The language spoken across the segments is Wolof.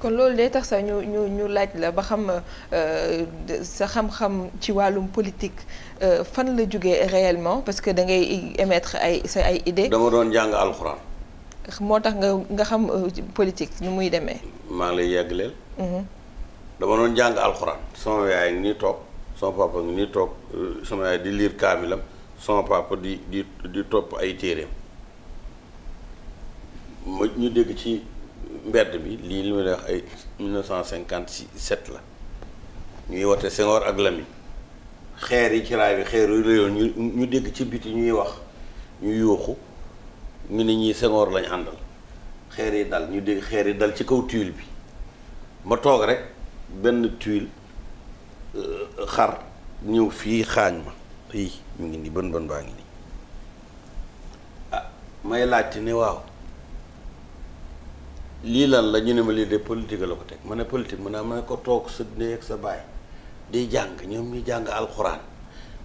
kon loolu day tax sa ñu ñu ñu laaj la ba xam euh, sa xam-xam ci wàllum politique euh, fan la jógee réellement parce que da ngay émettre ay sa ay idées. dama doon jàng alxuraan. moo tax nga nga xam euh, politique nu muy demee. maa ngi lay yàggleel. Mhm. dama doon jàng alxuraan. sama yaay ngi nii toog sama papa ngi nii toog sama yaay di liir kaamilam sama papa di di topp ay téereem ma ñu dégg ci. mbedd bi lii li ma lay wax ay 1957 la ñuy woote Senghor ak Lamine xeer yi ci raay bi xeer yu la yoon ñu ñu dégg ci biti ñuy wax ñu yuuxu ñu ne ñii Senghor lañ àndal xeer yi dal ñu dégg xeer yi dal ci kaw tuile bi ma toog rek benn tuile euh, xar ñëw fii xaañ ma fii mu ngi nii bën bën baa ngi nii ah may laajte ne waaw lii lan la ñu ne ma lii de politique la ko teg ma ne politique mu ne ma ne ko toog sa néeg ak sa baay di jàng ñoom ñu jàng alxuraan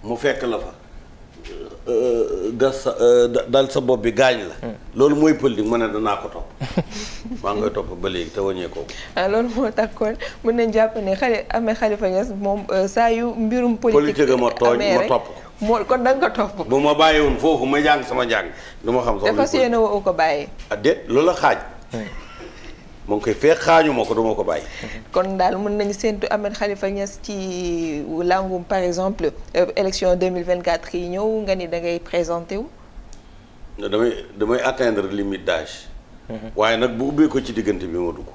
mu fekk la fa euh, euh, gas sa euh, dal sa bopp bi gaañ la. Hmm. loolu mooy politique mu ne danaa ko topp nga ngay topp ba léegi te wàññee ko. ah loolu moo tax kon mën nañ jàpp ne xale amee Khalifa Niass moom saa yu mbirum. politique amee ma tooñ ma topp ko. moo kon da nga ko topp. bu ma bàyyiwoon foofu ma jàng sama jàng. du ma xam sax lu ko dafa yéene bàyyi. ah déet loola xaaj. Hmm. moo ngi koy fee xaañu ko du ko bàyyi. kon daal mën nañu séntu Ahmed xalifa Niass ci langum par exemple euh, élection 2024 yi ñëw nga ni da ngay présenté wu. damay damay atteindre limite d'âge. Mhm. waaye nag bu ubbee ko ci diggante bi ma dugg.